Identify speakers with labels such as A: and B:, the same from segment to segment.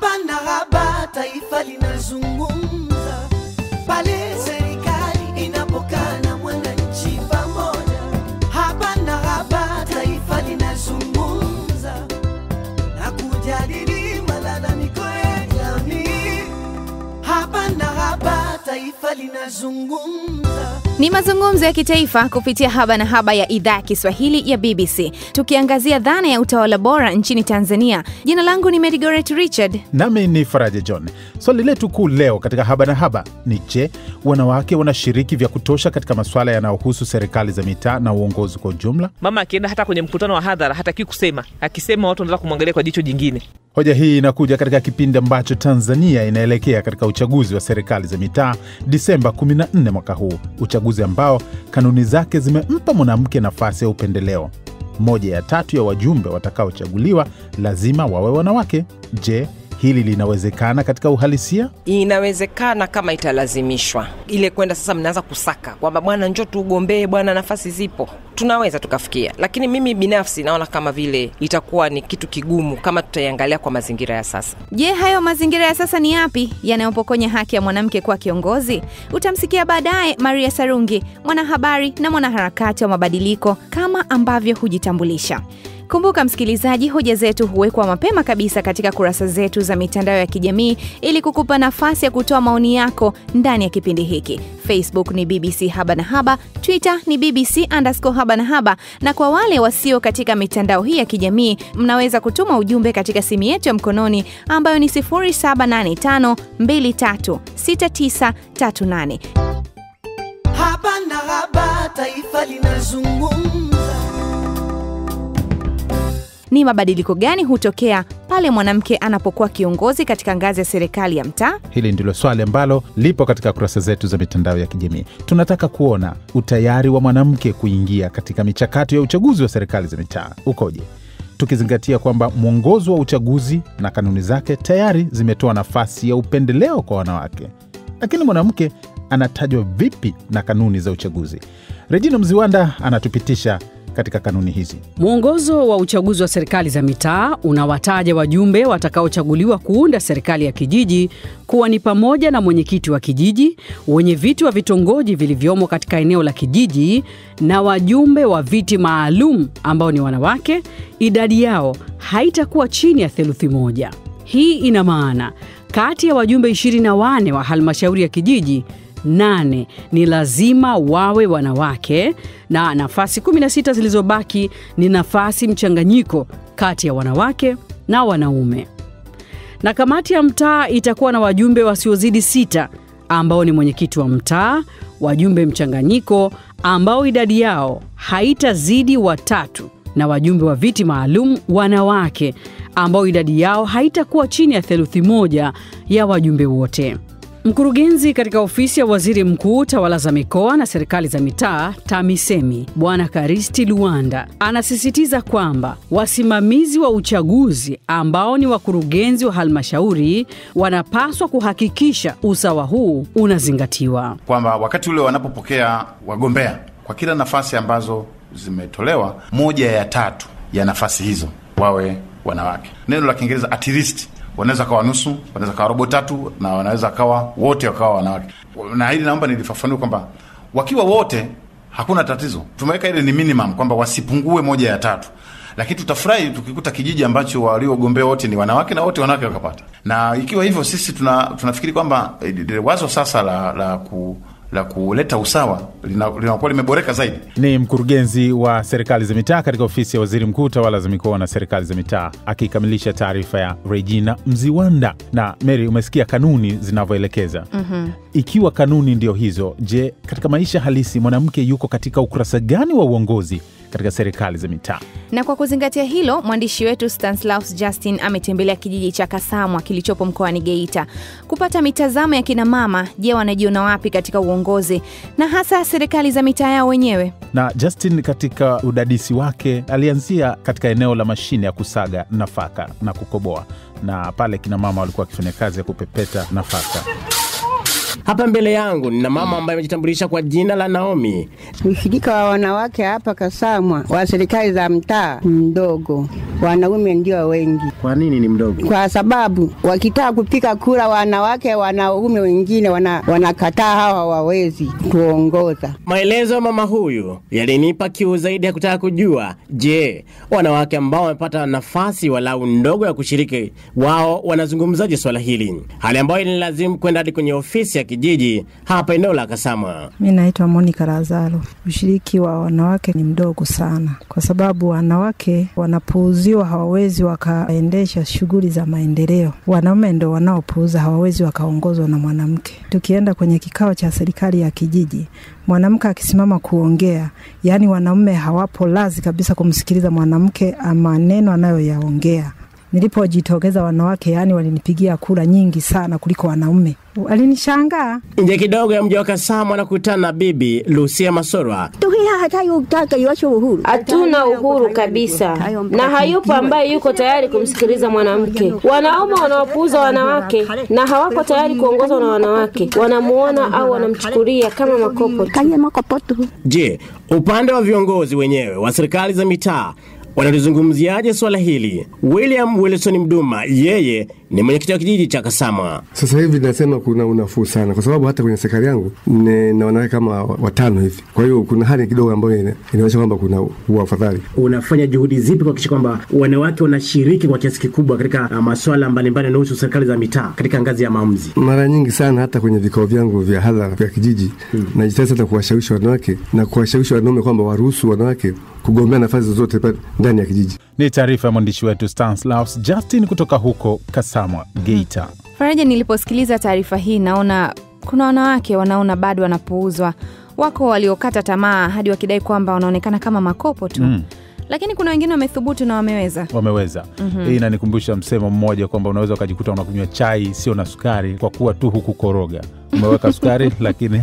A: Hapana haba, taifa linazungumza pale serikali na mwananchi pamoja. Hapana haba, taifa linazungumza na linazungumza ni mazungumzo ya kitaifa kupitia Haba na Haba ya idhaa ya Kiswahili ya BBC, tukiangazia dhana ya utawala bora nchini Tanzania. Jina langu ni Merigoret Richard
B: nami ni Faraja John. Swali letu kuu leo katika Haba na Haba ni je, wanawake wanashiriki vya kutosha katika masuala yanayohusu serikali za mitaa na uongozi kwa ujumla?
C: Mama akienda hata kwenye mkutano wa hadhara hatakiwi kusema, akisema watu wanaeza kumwangalia kwa jicho jingine.
B: Hoja hii inakuja katika kipindi ambacho Tanzania inaelekea katika uchaguzi wa serikali za mitaa Disemba 14 mwaka huu, uchaguzi ambao kanuni zake zimempa mwanamke nafasi ya upendeleo. Moja ya tatu ya wajumbe watakaochaguliwa lazima wawe wanawake. Je, hili linawezekana katika uhalisia?
C: Inawezekana kama italazimishwa ile kwenda sasa, mnaanza kusaka kwamba bwana, njo tuugombee bwana, nafasi zipo, tunaweza tukafikia. Lakini mimi binafsi naona kama vile itakuwa ni kitu kigumu kama tutaiangalia kwa mazingira ya sasa.
A: Je, hayo mazingira ya sasa ni yapi yanayopokonya haki ya mwanamke kuwa kiongozi? Utamsikia baadaye Maria Sarungi, mwanahabari na mwanaharakati wa mabadiliko, kama ambavyo hujitambulisha. Kumbuka msikilizaji, hoja zetu huwekwa mapema kabisa katika kurasa zetu za mitandao ya kijamii ili kukupa nafasi ya kutoa maoni yako ndani ya kipindi hiki. Facebook ni BBC Haba na Haba, Twitter ni BBC underscore Haba na Haba, na kwa wale wasio katika mitandao hii ya kijamii, mnaweza kutuma ujumbe katika simu yetu ya mkononi ambayo ni 0785236938. Haba na Haba, taifa linazungumza. Ni mabadiliko gani hutokea pale mwanamke anapokuwa kiongozi katika ngazi ya serikali ya mtaa?
B: Hili ndilo swali ambalo lipo katika kurasa zetu za mitandao ya kijamii. Tunataka kuona utayari wa mwanamke kuingia katika michakato ya uchaguzi wa serikali za mitaa ukoje, tukizingatia kwamba mwongozo wa uchaguzi na kanuni zake tayari zimetoa nafasi ya upendeleo kwa wanawake, lakini mwanamke anatajwa vipi na kanuni za uchaguzi? rejina Mziwanda anatupitisha katika kanuni hizi.
D: Mwongozo wa uchaguzi wa serikali za mitaa unawataja wajumbe watakaochaguliwa kuunda serikali ya kijiji kuwa ni pamoja na mwenyekiti wa kijiji, wenye viti wa vitongoji vilivyomo katika eneo la kijiji na wajumbe wa viti maalum ambao ni wanawake, idadi yao haitakuwa chini ya theluthi moja. Hii ina maana kati ya wajumbe 24 wa halmashauri ya kijiji nane ni lazima wawe wanawake na nafasi 16 zilizobaki ni nafasi mchanganyiko kati ya wanawake na wanaume. Na kamati ya mtaa itakuwa na wajumbe wasiozidi sita ambao ni mwenyekiti wa mtaa, wajumbe mchanganyiko ambao idadi yao haitazidi watatu na wajumbe wa viti maalum wanawake ambao idadi yao haitakuwa chini ya theluthi moja ya wajumbe wote. Mkurugenzi katika ofisi ya waziri mkuu tawala za mikoa na serikali za mitaa TAMISEMI Bwana Karisti Luanda anasisitiza kwamba wasimamizi wa uchaguzi ambao ni wakurugenzi wa halmashauri wanapaswa kuhakikisha usawa huu unazingatiwa,
E: kwamba wakati ule wanapopokea wagombea kwa kila nafasi ambazo zimetolewa, moja ya tatu ya nafasi hizo wawe wanawake. Neno la Kiingereza at least wanaweza kawa nusu, wanaweza kawa robo tatu, na wanaweza kawa wote wakawa wanawake. Na hili naomba nilifafanua kwamba wakiwa wote hakuna tatizo. Tumeweka ile ni minimum kwamba wasipungue moja ya tatu, lakini tutafurahi tukikuta kijiji ambacho waliogombea wote ni wanawake na wote wanawake wakapata. Na ikiwa hivyo, sisi tuna, tunafikiri kwamba eh, wazo sasa la, la ku la kuleta usawa linakuwa limeboreka zaidi.
B: Ni mkurugenzi wa serikali za mitaa katika ofisi ya waziri mkuu, tawala za mikoa na serikali za mitaa, akikamilisha taarifa ya Regina Mziwanda. Na Mary, umesikia kanuni zinavyoelekeza. mm -hmm. Ikiwa kanuni ndio hizo, je, katika maisha halisi mwanamke yuko katika ukurasa gani wa uongozi katika serikali za mitaa.
A: Na kwa kuzingatia hilo, mwandishi wetu Stanislaus Justin ametembelea kijiji cha Kasamwa kilichopo mkoani Geita kupata mitazamo ya kina mama. Je, wanajiona wapi katika uongozi na hasa serikali za mitaa yao wenyewe?
B: Na Justin katika udadisi wake alianzia katika eneo la mashine ya kusaga nafaka na kukoboa, na pale kina mama walikuwa wakifanya kazi ya kupepeta nafaka.
C: Hapa mbele yangu nina mama mm. ambaye amejitambulisha kwa jina la Naomi.
F: Ushirika wa wanawake hapa Kasamwa wa serikali za mtaa mdogo, wanaume ndio wengi.
B: Kwa nini ni mdogo?
F: Kwa sababu wakitaka kupiga kura wanawake, wanaume wengine wana, wanakataa, hawa wawezi kuongoza.
C: Maelezo ya mama huyu yalinipa kiu zaidi ya kutaka kujua, je, wanawake ambao wamepata nafasi walau ndogo ya kushiriki, wao wanazungumzaje swala hili, hali ambayo ililazimu kwenda hadi kwenye ofisi ya kijiji hapa eneo la Kasama.
G: Mi naitwa Monica Lazaro. Ushiriki wa wanawake ni mdogo sana, kwa sababu wanawake wanapuuziwa, hawawezi wakaendesha shughuli za maendeleo. Wanaume ndo wanaopuuza, hawawezi wakaongozwa na mwanamke. Tukienda kwenye kikao cha serikali ya kijiji, mwanamke akisimama kuongea, yaani wanaume hawapo lazi kabisa kumsikiliza mwanamke amaneno anayoyaongea nilipojitokeza wanawake, yani walinipigia kura nyingi sana kuliko wanaume. Alinishangaa.
C: Nje kidogo ya mji wa Kasamu anakutana na bibi Lucia Masorwa.
H: Hatuna uhuru kabisa, na hayupo ambaye yuko tayari kumsikiliza mwanamke. Wanaume wanaopuuza wanawake na hawako tayari kuongozwa na wanawake, wanamuona au wanamchukulia kama makopo.
C: Je, upande wa viongozi wenyewe wa serikali za mitaa wanalizungumziaje swala hili? William Wilson Mduma, yeye ni mwenyekiti wa kijiji cha kasama
I: Sasa hivi nasema kuna unafuu sana, kwa sababu hata kwenye serikali yangu na wanawake kama watano hivi, kwa hiyo kuna hali kidogo ambayo inaonyesha kwamba kuna afadhali.
J: Unafanya juhudi zipi kuhakikisha kwamba wanawake wanashiriki kwa kiasi kikubwa katika uh, maswala masuala mbalimbali yanayohusu serikali za mitaa katika ngazi ya maamuzi?
I: Mara nyingi sana hata kwenye vikao vyangu vya hadhara vya kijiji hmm, najitahidi sana kuwashawishi wanawake na kuwashawishi wanaume kwamba waruhusu wanawake kugombea nafasi zozote ndani ya kijiji.
B: Ni taarifa ya mwandishi wetu Stanslaus Justin kutoka huko Kasamwa, Geita.
K: Faraja, niliposikiliza taarifa hii, naona kuna wanawake wanaona bado wanapuuzwa. Wako waliokata tamaa hadi wakidai kwamba wanaonekana kama makopo tu mm lakini kuna wengine wamethubutu na wameweza
B: wameweza. mm-hmm. Hii inanikumbusha msemo mmoja kwamba unaweza ukajikuta unakunywa chai sio na sukari kwa kuwa tu hukukoroga, umeweka sukari lakini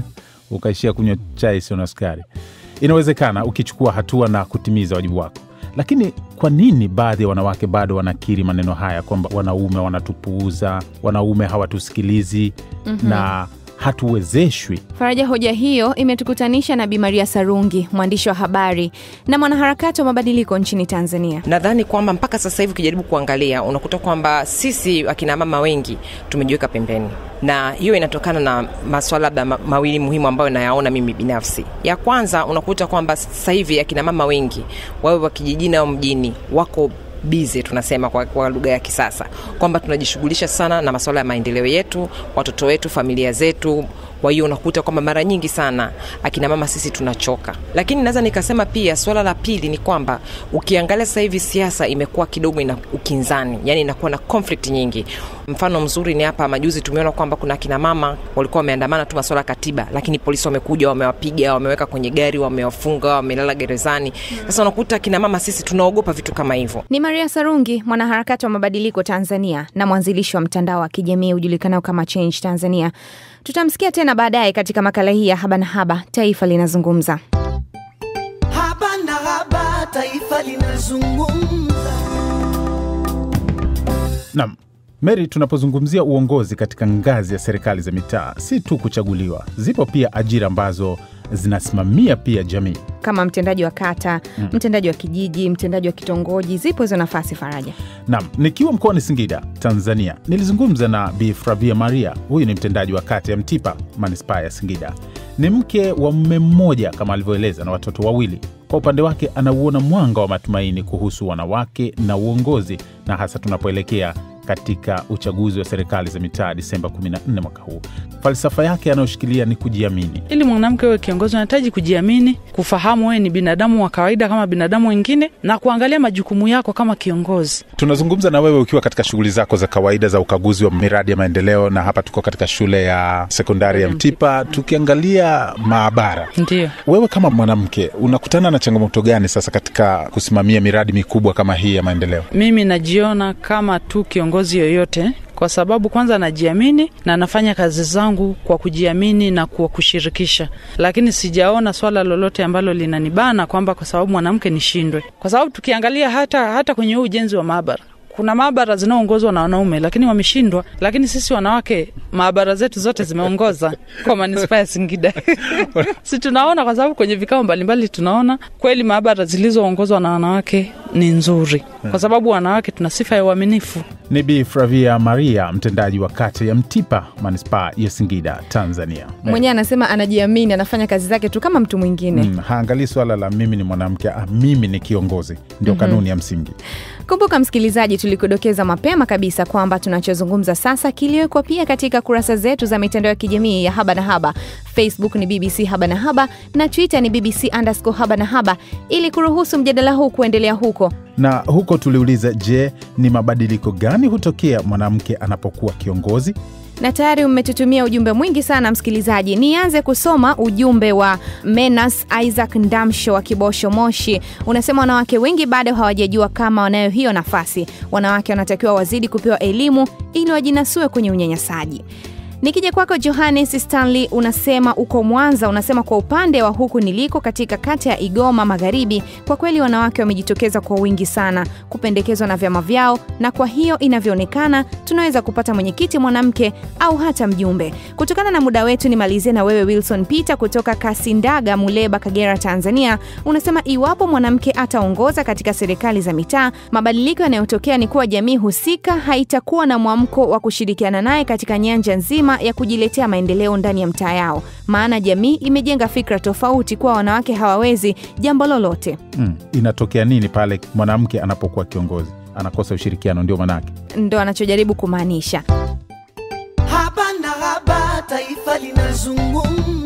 B: ukaishia kunywa chai sio na sukari. Inawezekana ukichukua hatua na kutimiza wajibu wako. Lakini kwa nini baadhi ya wanawake bado wanakiri maneno haya kwamba wanaume wanatupuuza, wanaume hawatusikilizi? mm -hmm. na hatuwezeshwi.
A: Faraja, hoja hiyo imetukutanisha na Bi Maria Sarungi, mwandishi wa habari na mwanaharakati wa mabadiliko nchini Tanzania.
C: Nadhani kwamba mpaka sasa hivi ukijaribu kuangalia, unakuta kwamba sisi akina mama wengi tumejiweka pembeni, na hiyo inatokana na maswala labda mawili muhimu ambayo nayaona mimi binafsi. Ya kwanza unakuta kwamba sasa hivi akina mama wengi wawe wa kijijini au mjini wako busy tunasema kwa, kwa lugha ya kisasa kwamba tunajishughulisha sana na masuala ya maendeleo yetu, watoto wetu, familia zetu kwa hiyo unakuta kwamba mara nyingi sana akina mama sisi tunachoka, lakini naweza nikasema pia swala la pili ni kwamba ukiangalia sasa hivi siasa imekuwa kidogo ina ukinzani, yani inakuwa na conflict nyingi. Mfano mzuri ni hapa majuzi tumeona kwamba kuna akina mama walikuwa wameandamana tu masuala ya katiba, lakini polisi wamekuja, wamewapiga, wameweka kwenye gari, wamewafunga, wamelala gerezani. Sasa unakuta akina mama sisi tunaogopa vitu kama hivyo.
A: Ni Maria Sarungi, mwanaharakati wa mabadiliko Tanzania na mwanzilishi wa mtandao wa kijamii ujulikanao kama Change Tanzania. Tutamsikia tena tena baadaye katika makala hii ya Haba na Haba, Taifa Linazungumza. Haba na Haba, Taifa
B: Linazungumza. tunapozungumzia uongozi katika ngazi ya serikali za mitaa, si tu kuchaguliwa, zipo pia ajira ambazo zinasimamia pia jamii
A: kama mtendaji wa kata mm. mtendaji wa kijiji, mtendaji wa kitongoji. Zipo hizo nafasi, Faraja.
B: nam nikiwa mkoani Singida, Tanzania, nilizungumza na bfravia Maria. Huyu ni mtendaji wa kata ya Mtipa, manispaa ya Singida. Ni mke wa mume mmoja kama alivyoeleza, na watoto wawili. Kwa upande wake, anauona mwanga wa matumaini kuhusu wanawake na uongozi, na hasa tunapoelekea katika uchaguzi wa serikali za mitaa Disemba 14 mwaka huu. Falsafa yake anayoshikilia ni kujiamini.
D: Ili mwanamke wewe kiongozi, unahitaji kujiamini, kufahamu wewe ni binadamu wa kawaida kama binadamu wengine, na kuangalia majukumu yako kama kiongozi.
B: Tunazungumza na wewe ukiwa katika shughuli zako za kawaida za ukaguzi wa miradi ya maendeleo, na hapa tuko katika shule ya sekondari ya Mtipa tukiangalia maabara. Ndio wewe kama mwanamke unakutana na changamoto gani sasa katika kusimamia miradi mikubwa kama hii ya maendeleo?
L: Mimi najiona kama tu kiongozi kiongozi yoyote kwa sababu kwanza najiamini na nafanya kazi zangu kwa kujiamini na kwa kushirikisha, lakini sijaona swala lolote ambalo linanibana kwamba kwa sababu mwanamke nishindwe, kwa sababu tukiangalia hata, hata kwenye huu ujenzi wa maabara kuna maabara zinaoongozwa na wanaume lakini wameshindwa, lakini sisi wanawake maabara zetu zote zimeongoza kwa manispaa ya Singida. si tunaona, kwa sababu kwenye vikao mbalimbali tunaona kweli maabara zilizoongozwa na wanawake ni nzuri, kwa hmm. sababu wanawake tuna sifa ya uaminifu.
B: Ni Bi fravia Maria, mtendaji wa kata ya Mtipa, manispaa ya Singida, Tanzania.
A: Mwenyewe anasema anajiamini, anafanya kazi zake tu kama mtu mwingine. Mm,
B: haangalii swala la mimi ni mwanamke, ah, mimi ni kiongozi, ndio mm -hmm. kanuni ya msingi.
A: Kumbuka msikilizaji, tulikudokeza mapema kabisa kwamba tunachozungumza sasa kiliwekwa pia katika kurasa zetu za mitandao ya kijamii ya Haba na Haba. Facebook ni BBC Haba na Haba na Twitter ni BBC underscore Haba na Haba, ili kuruhusu mjadala huu kuendelea huko
B: na huko tuliuliza, je, ni mabadiliko gani hutokea mwanamke anapokuwa kiongozi?
A: na tayari umetutumia ujumbe mwingi sana msikilizaji. Nianze kusoma ujumbe wa Menas Isaac Ndamsho wa Kibosho Moshi, unasema wanawake wengi bado hawajajua kama wanayo hiyo nafasi. Wanawake wanatakiwa wazidi kupewa elimu ili wajinasue kwenye unyanyasaji. Nikija kwako Johannes Stanley, unasema uko Mwanza, unasema kwa upande wa huku niliko katika kata ya Igoma Magharibi, kwa kweli wanawake wamejitokeza kwa wingi sana, kupendekezwa na vyama vyao, na kwa hiyo inavyoonekana tunaweza kupata mwenyekiti mwanamke au hata mjumbe. Kutokana na muda wetu, nimalizie na wewe Wilson Peter kutoka Kasindaga, Muleba, Kagera, Tanzania. Unasema iwapo mwanamke ataongoza katika serikali za mitaa, mabadiliko yanayotokea ni kuwa jamii husika haitakuwa na mwamko wa kushirikiana naye katika nyanja nzima dhima ya kujiletea maendeleo ndani ya mtaa yao, maana jamii imejenga fikra tofauti kuwa wanawake hawawezi jambo lolote.
B: Mm, inatokea nini pale mwanamke anapokuwa kiongozi? Anakosa ushirikiano, ndio manake,
A: ndo anachojaribu kumaanisha hapa na hapa. Taifa linazungumza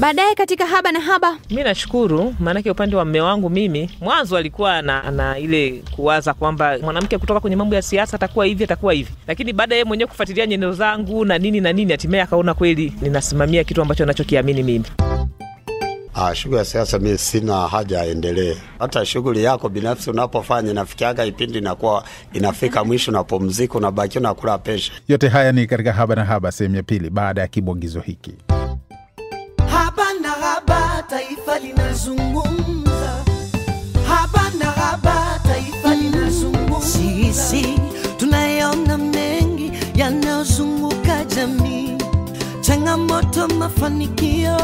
A: Baadaye katika haba na haba,
C: mi nashukuru, maanake upande wa mme wangu mimi mwanzo alikuwa na, na ile kuwaza kwamba mwanamke kutoka kwenye mambo ya siasa atakuwa hivi atakuwa hivi, lakini baada yeye mwenyewe kufuatilia nyendo zangu na nini na nini, hatimaye akaona kweli ninasimamia kitu ambacho anachokiamini mimi.
M: Ah, shughuli ya siasa mi sina haja aendelee. Hata shughuli yako binafsi unapofanya inafikiaga ipindi inakuwa inafika mwisho na pumziko, unabakiwa na kula pesha.
B: Yote haya ni katika haba na haba sehemu ya pili baada ya kibwagizo hiki. linazungumza, haba Sisi tunayaona mengi yanayozunguka jamii, changamoto, mafanikio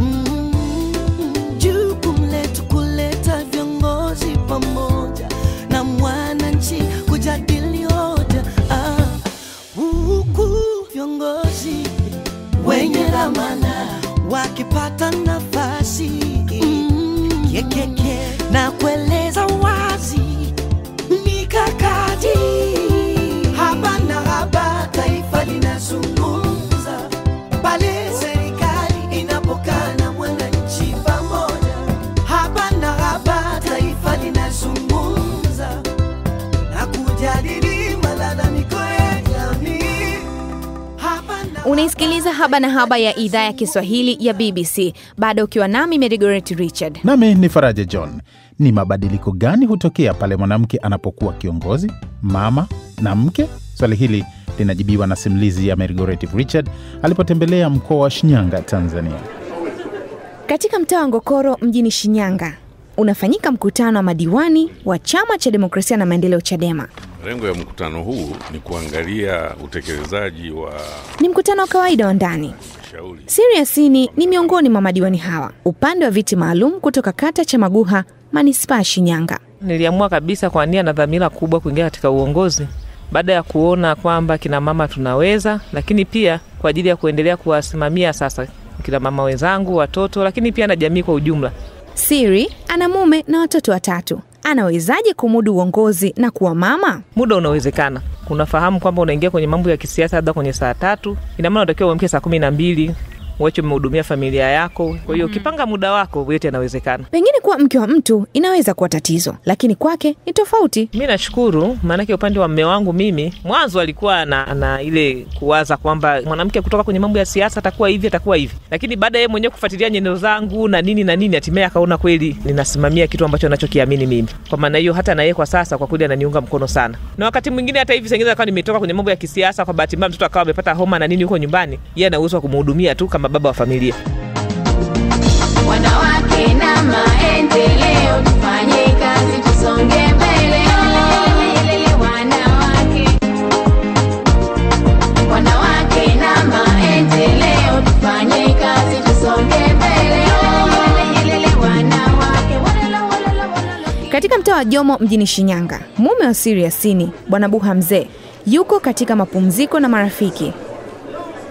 B: mm-hmm. jukumu letu kuleta viongozi pamoja na mwananchi kujadili hoja ah, huku viongozi
A: wenye dhamana wakipata que yeah, Unaisikiliza Haba na Haba ya idhaa ya Kiswahili ya BBC, bado ukiwa nami Merigoret Richard
B: nami ni Faraja John. Ni mabadiliko gani hutokea pale mwanamke anapokuwa kiongozi, mama na mke? Swali hili linajibiwa na simulizi ya Merigoret Richard alipotembelea mkoa wa Shinyanga, Tanzania.
A: Katika mtaa wa Ngokoro mjini Shinyanga unafanyika mkutano wa madiwani wa Chama cha Demokrasia na Maendeleo, CHADEMA.
N: Lengo ya mkutano huu ni kuangalia utekelezaji wa...
A: Ni mkutano wa kawaida wa ndani. Siri ya ni miongoni mwa madiwani hawa, upande wa viti maalum kutoka kata cha maguha manispaa Shinyanga.
C: Niliamua kabisa kwa nia na dhamira kubwa kuingia katika uongozi baada ya kuona kwamba kina mama tunaweza, lakini pia kwa ajili ya kuendelea kuwasimamia sasa kina mama wenzangu, watoto, lakini pia na jamii kwa ujumla.
A: Siri ana mume na watoto watatu anawezaje kumudu uongozi na kuwa mama?
C: Muda unawezekana unafahamu kwamba unaingia kwenye mambo ya kisiasa labda kwenye saa tatu, ina maana unatakiwa uamke saa kumi na mbili uache umehudumia familia yako. Kwa hiyo mm-hmm. ukipanga mm. muda wako yote yanawezekana.
A: Pengine kuwa mke wa mtu inaweza kuwa tatizo, lakini kwake ni tofauti.
C: Mi nashukuru, maanake upande wa mme wangu mimi mwanzo alikuwa na, na ile kuwaza kwamba mwanamke kutoka kwenye mambo ya siasa atakuwa hivi atakuwa hivi, lakini baada yeye mwenyewe kufuatilia nyendo zangu na nini na nini, hatimaye akaona kweli ninasimamia kitu ambacho anachokiamini mimi. Kwa maana hiyo hata naye kwa sasa kwa kweli ananiunga mkono sana, na wakati mwingine hata hivi sengine akawa nimetoka kwenye mambo ya kisiasa, kwa bahati mbaya mtoto akawa amepata homa na nini huko nyumbani, yeye ana wa kumhudumia tu kama kama baba wa familia. Wanawake na maendeleo, tufanye kazi, tusonge mbele. Wanawake,
A: wanawake na maendeleo, tufanye kazi, tusonge mbele. Katika mtaa wa Jomo mjini Shinyanga, mume wa Siri Yasini, Bwana Buha Mzee, yuko katika mapumziko na marafiki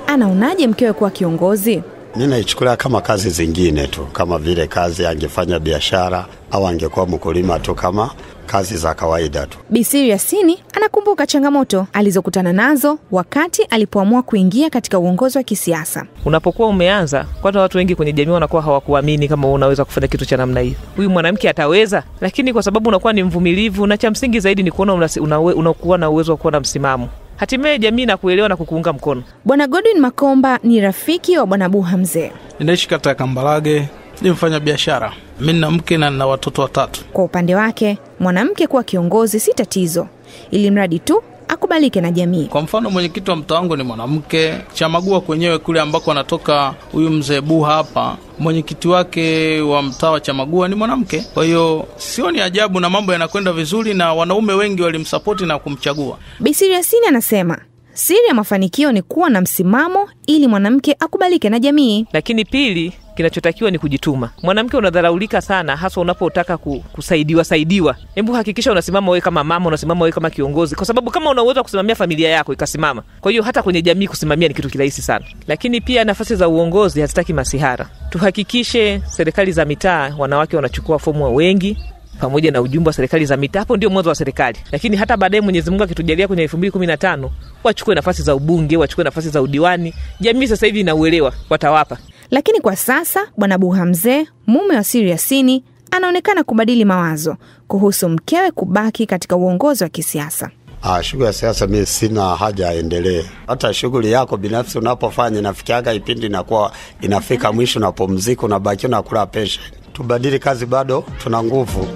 A: Anaonaje mkewe kuwa kiongozi?
M: Mi naichukulia kama kazi zingine tu, kama vile kazi angefanya biashara au angekuwa mkulima tu, kama kazi za kawaida tu.
A: Bisiri Yasini anakumbuka changamoto alizokutana nazo wakati alipoamua kuingia katika uongozi wa kisiasa.
C: Unapokuwa umeanza, kwanza watu wengi kwenye jamii wanakuwa hawakuamini kama unaweza kufanya kitu cha namna hiyo huyu mwanamke ataweza. Lakini kwa sababu unakuwa ni mvumilivu, na cha msingi zaidi ni kuona unakuwa una, una, una na uwezo wa kuwa na msimamo hatimaye jamii na kuelewa na kukuunga mkono.
A: Bwana Godwin Makomba ni rafiki wa Bwana Buha Mzee.
O: Ninaishi kata ya Kambarage, ni mfanya biashara. Mi nina mke na nina watoto watatu.
A: Kwa upande wake, mwanamke kuwa kiongozi si tatizo, ili mradi tu akubalike na jamii.
O: Kwa mfano, mwenyekiti wa mtaa wangu ni mwanamke. Chamagua kwenyewe kule ambako anatoka huyu mzee buha hapa mwenyekiti wake wa mtaa wa Chamagua ni mwanamke. Kwa hiyo sioni ajabu, na mambo yanakwenda vizuri, na wanaume wengi walimsapoti na kumchagua.
A: Bisiri Yasini anasema Siri ya mafanikio ni kuwa na msimamo ili mwanamke akubalike na jamii.
C: Lakini pili, kinachotakiwa ni kujituma. Mwanamke unadharaulika sana, hasa unapotaka kusaidiwa saidiwa. Hebu hakikisha unasimama wewe kama mama, unasimama wewe kama kiongozi, kwa sababu kama una uwezo wa kusimamia familia yako ikasimama, kwa hiyo hata kwenye jamii kusimamia ni kitu kirahisi sana. Lakini pia nafasi za uongozi hazitaki masihara. Tuhakikishe serikali za mitaa wanawake wanachukua fomu wa wengi pamoja na ujumbe wa serikali za mitaa. Hapo ndio mwanzo wa serikali, lakini hata baadaye Mwenyezi Mungu akitujalia kwenye elfu mbili kumi na tano wachukue nafasi za ubunge, wachukue nafasi za udiwani. Jamii sasa hivi inauelewa, watawapa.
A: Lakini kwa sasa Bwana Buha Mzee, mume wa Siri Yasini, anaonekana kubadili mawazo kuhusu mkewe kubaki katika uongozi wa kisiasa.
M: Ah, shughuli ya siasa mi sina haja aendelee. Hata shughuli yako binafsi unapofanya, inafikiaga ipindi inakuwa inafika mwisho na pumziko, unabakiwa na kula pensheni tubadili kazi, bado tuna nguvu.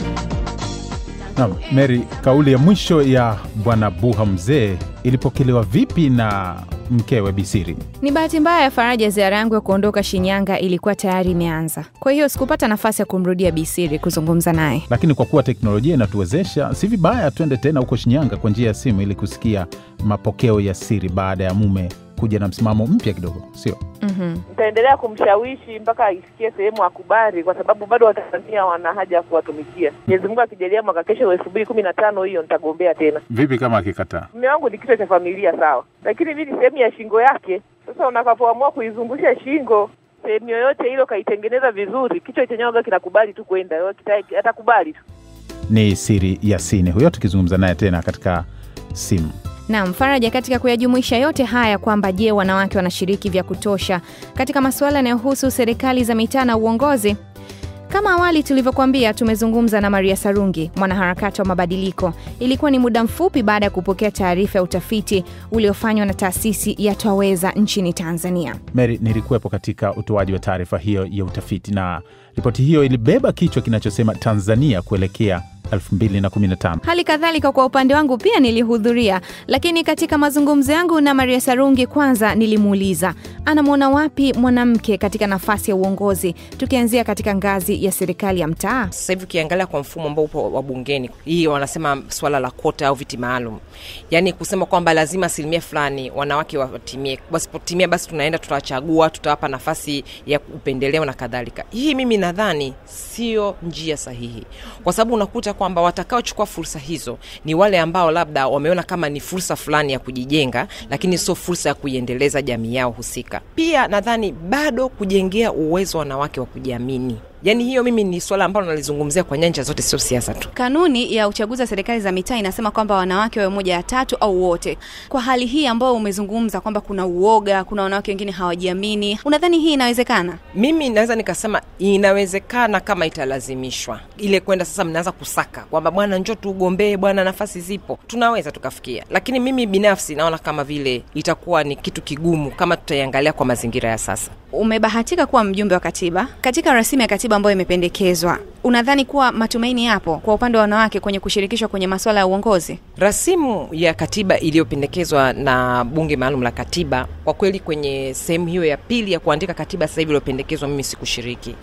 B: nam meri kauli ya mwisho ya Bwana Buha mzee ilipokelewa vipi na mkewe Bisiri?
A: Ni bahati mbaya ya Faraja, ziara yangu ya kuondoka Shinyanga ilikuwa tayari imeanza, kwa hiyo sikupata nafasi ya kumrudia Bisiri kuzungumza naye,
B: lakini kwa kuwa teknolojia inatuwezesha, si vibaya twende tena huko Shinyanga kwa njia ya simu ili kusikia mapokeo ya siri baada ya mume kuja na msimamo mpya kidogo, sio? Mhm.
P: Nitaendelea mm-hmm. kumshawishi mpaka aisikie sehemu akubali, kwa sababu bado Watanzania wana haja ya kuwatumikia. Mwenyezi akijalia mwaka kesho elfu mbili kumi na tano hiyo nitagombea tena.
B: Vipi kama akikataa?
P: mme wangu ni kichwa cha familia, sawa, lakini mi ni sehemu ya shingo yake. Sasa unakapoamua kuizungusha shingo sehemu yoyote ile ukaitengeneza vizuri, kichwa chenyewe kinakubali tu kwenda, atakubali tu.
B: Ni Siri Yasini huyo, tukizungumza naye tena katika simu.
A: Naam, Faraja, katika kuyajumuisha yote haya kwamba je, wanawake wanashiriki vya kutosha katika masuala yanayohusu serikali za mitaa na uongozi? Kama awali tulivyokuambia, tumezungumza na Maria Sarungi, mwanaharakati wa mabadiliko. Ilikuwa ni muda mfupi baada ya kupokea taarifa ya utafiti uliofanywa na taasisi ya Twaweza nchini Tanzania.
B: Mary, nilikuwepo katika utoaji wa taarifa hiyo ya utafiti na Ripoti hiyo ilibeba kichwa kinachosema Tanzania kuelekea 2015.
A: Hali kadhalika kwa upande wangu pia nilihudhuria, lakini katika mazungumzo yangu na Maria Sarungi, kwanza nilimuuliza anamwona wapi mwanamke katika nafasi ya uongozi, tukianzia katika ngazi ya serikali ya mtaa.
C: Sasa hivi ukiangalia kwa mfumo ambao upo wa bungeni, hii wanasema swala la kota au viti maalum, yani kusema kwamba lazima asilimia fulani wanawake watimie, wasipotimia basi tunaenda tutawachagua, tutawapa nafasi ya upendeleo na kadhalika. Hii mimi nadhani sio njia sahihi, kwa sababu unakuta kwamba watakaochukua fursa hizo ni wale ambao labda wameona kama ni fursa fulani ya kujijenga, lakini sio fursa ya kuiendeleza jamii yao husika. Pia nadhani bado kujengea uwezo wanawake wa kujiamini Yaani hiyo mimi ni swala ambalo nalizungumzia kwa nyanja zote, sio siasa tu.
A: Kanuni ya uchaguzi wa serikali za mitaa inasema kwamba wanawake wawe moja ya tatu au wote. Kwa hali hii ambayo umezungumza kwamba kuna uoga, kuna wanawake wengine hawajiamini, unadhani hii inawezekana?
C: Mimi naweza nikasema inawezekana kama italazimishwa, ile kwenda sasa, mnaanza kusaka kwamba bwana, njoo tuugombee bwana, nafasi zipo, tunaweza tukafikia. Lakini mimi binafsi naona kama vile itakuwa ni kitu kigumu kama tutaiangalia kwa mazingira ya sasa.
A: Umebahatika kuwa mjumbe wa katiba katika rasimu ya katiba katiba ambayo imependekezwa, unadhani kuwa matumaini yapo kwa upande wa wanawake kwenye kushirikishwa kwenye masuala ya uongozi?
C: Rasimu ya katiba iliyopendekezwa na bunge maalum la katiba, kwa kweli, kwenye sehemu hiyo ya pili ya kuandika katiba sasa hivi iliyopendekezwa, mimi sikushiriki,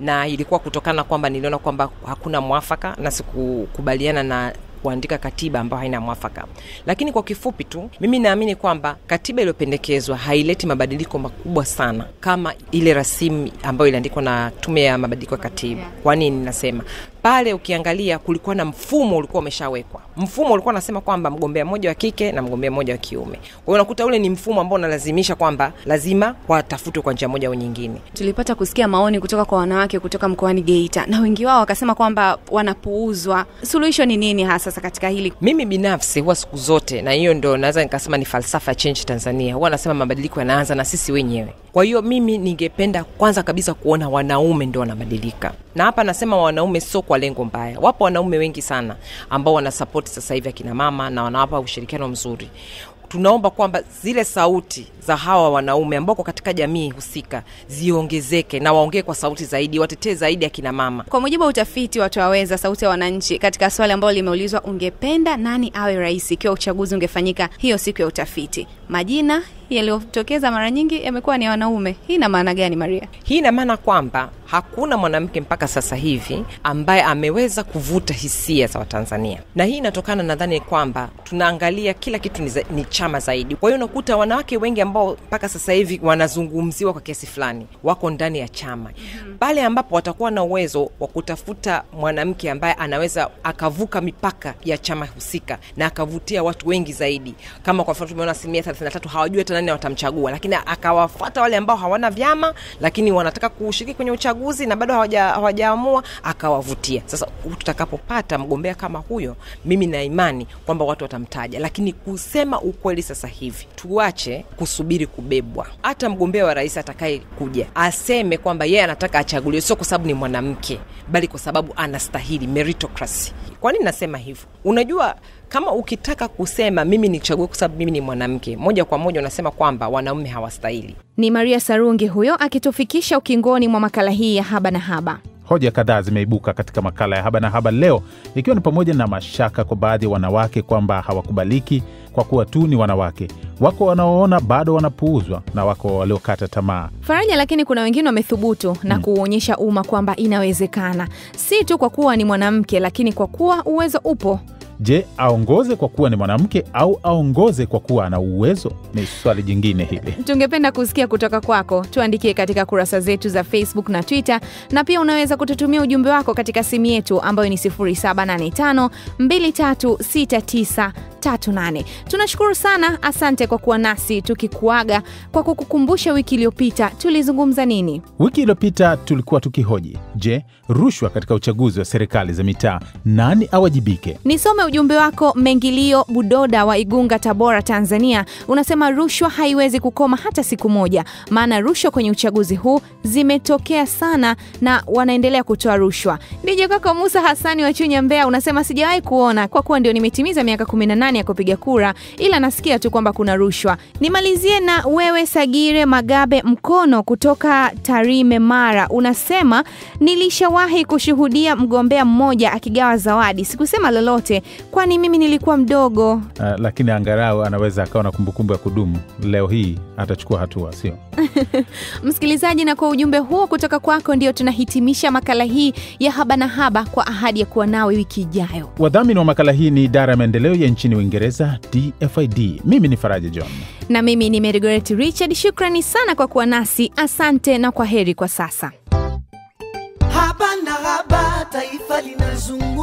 C: na ilikuwa kutokana kwamba niliona kwamba hakuna mwafaka na sikukubaliana na kuandika katiba ambayo haina mwafaka. Lakini kwa kifupi tu, mimi naamini kwamba katiba iliyopendekezwa haileti mabadiliko makubwa sana kama ile rasimu ambayo iliandikwa na Tume ya Mabadiliko ya Katiba. Kwa nini nasema? pale ukiangalia kulikuwa na mfumo ulikuwa umeshawekwa mfumo ulikuwa unasema kwamba mgombea mmoja wa kike na mgombea mmoja wa kiume kwa hiyo unakuta ule ni mfumo ambao unalazimisha kwamba lazima watafutwe kwa njia moja au nyingine
A: tulipata kusikia maoni kutoka kwa wanawake kutoka mkoani geita na wengi wao wakasema kwamba wanapuuzwa suluhisho ni nini hasa sasa katika hili
C: mimi binafsi huwa siku zote na hiyo ndo naweza nikasema ni falsafa ya change tanzania huwa nasema mabadiliko yanaanza na sisi wenyewe kwa hiyo mimi ningependa kwanza kabisa kuona wanaume ndio wanabadilika na hapa nasema wanaume sio kwa kwa lengo mbaya. Wapo wanaume wengi sana ambao wanasapoti sasa hivi akina mama na wanawapa ushirikiano mzuri tunaomba kwamba zile sauti za hawa wanaume ambao katika jamii husika ziongezeke na waongee kwa sauti zaidi, watetee zaidi akina mama.
A: Kwa mujibu wa utafiti watu waweza sauti ya wananchi, katika swali ambalo limeulizwa, ungependa nani awe rais ikiwa uchaguzi ungefanyika hiyo siku ya utafiti, majina yaliyotokeza mara nyingi yamekuwa ni wanaume. Hii ina maana gani, Maria?
C: Hii ina maana kwamba hakuna mwanamke mpaka sasa hivi ambaye ameweza kuvuta hisia za Watanzania, na hii inatokana nadhani kwamba tunaangalia kila kitu ni, za, ni chama zaidi. Kwa hiyo unakuta wanawake wengi ambao mpaka sasa hivi wanazungumziwa kwa kiasi fulani wako ndani ya chama mm-hmm. pale mm-hmm. ambapo watakuwa na uwezo wa kutafuta mwanamke ambaye anaweza akavuka mipaka ya chama husika na akavutia watu wengi zaidi, kama kwa mfano tumeona asilimia 33 hawajui hata na nne watamchagua, lakini akawafuata wale ambao hawana vyama lakini wanataka kushiriki kwenye uchaguzi na bado hawajaamua, akawavutia. Sasa tutakapopata mgombea kama huyo, mimi na imani kwamba watu watamtaja, lakini kusema ukweli, sasa hivi tuache kusubiri kubebwa. Hata mgombea wa rais atakaye kuja aseme kwamba yeye anataka achaguliwe, sio kwa sababu ni mwanamke, bali kwa sababu anastahili meritocracy. Kwa nini nasema hivyo? Unajua kama ukitaka kusema mimi nichague kwa sababu mimi ni mwanamke, moja kwa moja unasema kwamba wanaume hawastahili.
A: Ni Maria Sarungi huyo akitufikisha ukingoni mwa makala hii ya Haba na Haba.
B: Hoja kadhaa zimeibuka katika makala ya Haba na Haba leo, ikiwa ni pamoja na mashaka kwa baadhi ya wanawake kwamba hawakubaliki kwa kuwa tu ni wanawake. Wako wanaoona bado wanapuuzwa na wako waliokata tamaa,
A: Faraja. Lakini kuna wengine wamethubutu na hmm, kuuonyesha umma kwamba inawezekana, si tu kwa kuwa ni mwanamke, lakini kwa kuwa uwezo upo.
B: Je, aongoze kwa kuwa ni mwanamke au aongoze kwa kuwa ana uwezo? Ni swali jingine hili.
A: Tungependa kusikia kutoka kwako. Tuandikie katika kurasa zetu za Facebook na Twitter, na pia unaweza kututumia ujumbe wako katika simu yetu ambayo ni 07852369 38. Tunashukuru sana, asante kwa kuwa nasi tukikuaga kwa kukukumbusha wiki iliyopita tulizungumza nini.
B: Wiki iliyopita tulikuwa tukihoji, je, rushwa katika uchaguzi wa serikali za mitaa nani awajibike?
A: Nisome ujumbe wako. Mengilio Budoda wa Igunga, Tabora, Tanzania unasema rushwa haiwezi kukoma hata siku moja, maana rushwa kwenye uchaguzi huu zimetokea sana na wanaendelea kutoa rushwa. Dije kwako Musa Hasani wa Chunya, Mbeya unasema sijawahi kuona kwa kuwa ndio nimetimiza miaka ya kupiga kura, ila nasikia tu kwamba kuna rushwa. Nimalizie na wewe Sagire Magabe Mkono kutoka Tarime, Mara, unasema nilishawahi kushuhudia mgombea mmoja akigawa zawadi, sikusema lolote, kwani mimi nilikuwa mdogo. Uh,
B: lakini angalau anaweza akawa na kumbukumbu ya kudumu. Leo hii atachukua hatua, sio?
A: Msikilizaji, na kwa ujumbe huo kutoka kwako, ndio tunahitimisha makala hii ya Haba na Haba kwa ahadi ya kuwa nawe wiki ijayo.
B: Wadhamini wa makala hii ni idara ya maendeleo ya nchini Uingereza, DFID. Mimi ni Faraja John
A: na mimi ni Merigoret Richard. Shukrani sana kwa kuwa nasi, asante na kwa heri kwa sasa. Haba na Haba, taifa linazungumza